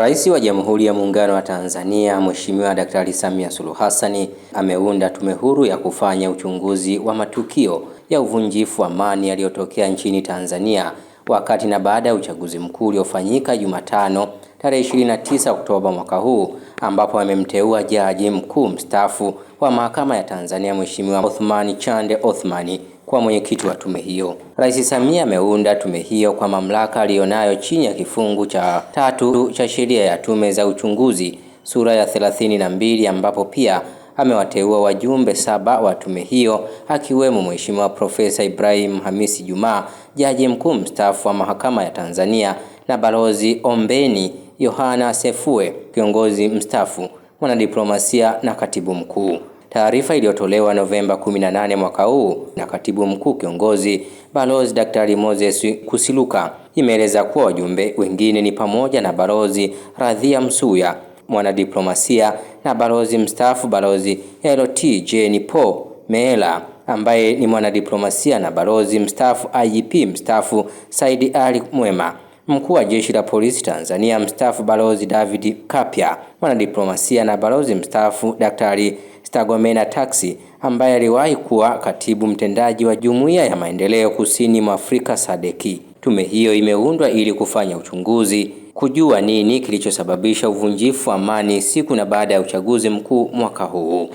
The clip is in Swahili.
Rais wa Jamhuri ya Muungano wa Tanzania Mheshimiwa Daktari Samia Suluhu Hassan ameunda tume huru ya kufanya uchunguzi wa matukio ya uvunjifu wa amani yaliyotokea nchini Tanzania wakati na baada ya uchaguzi mkuu uliofanyika Jumatano tarehe 29 Oktoba mwaka huu, ambapo amemteua jaji mkuu mstaafu wa Mahakama ya Tanzania Mheshimiwa othmani Chande Othmani kuwa mwenyekiti wa tume hiyo. Rais Samia ameunda tume hiyo kwa mamlaka aliyonayo chini ya kifungu cha tatu cha sheria ya tume za uchunguzi sura ya thelathini na mbili ambapo pia amewateua wajumbe saba wa tume hiyo akiwemo Mheshimiwa Profesa Ibrahim Hamisi Juma, jaji mkuu mstaafu wa mahakama ya Tanzania na Balozi Ombeni Yohana Sefue, kiongozi mstaafu, mwanadiplomasia na katibu mkuu. Taarifa iliyotolewa Novemba 18 mwaka huu na katibu mkuu kiongozi Balozi Daktari Moses Kusiluka imeeleza kuwa wajumbe wengine ni pamoja na Balozi Radhia Msuya, mwanadiplomasia na balozi mstaafu Balozi Lt Jane Po Meela ambaye ni mwanadiplomasia na balozi mstaafu IGP e mstaafu Saidi Ali Mwema, mkuu wa jeshi la polisi Tanzania mstaafu Balozi David Kapya, mwanadiplomasia na balozi mstaafu Daktari stagomena Tax ambaye aliwahi kuwa katibu mtendaji wa Jumuiya ya Maendeleo Kusini mwa Afrika sadeki Tume hiyo imeundwa ili kufanya uchunguzi kujua nini kilichosababisha uvunjifu wa amani siku na baada ya uchaguzi mkuu mwaka huu.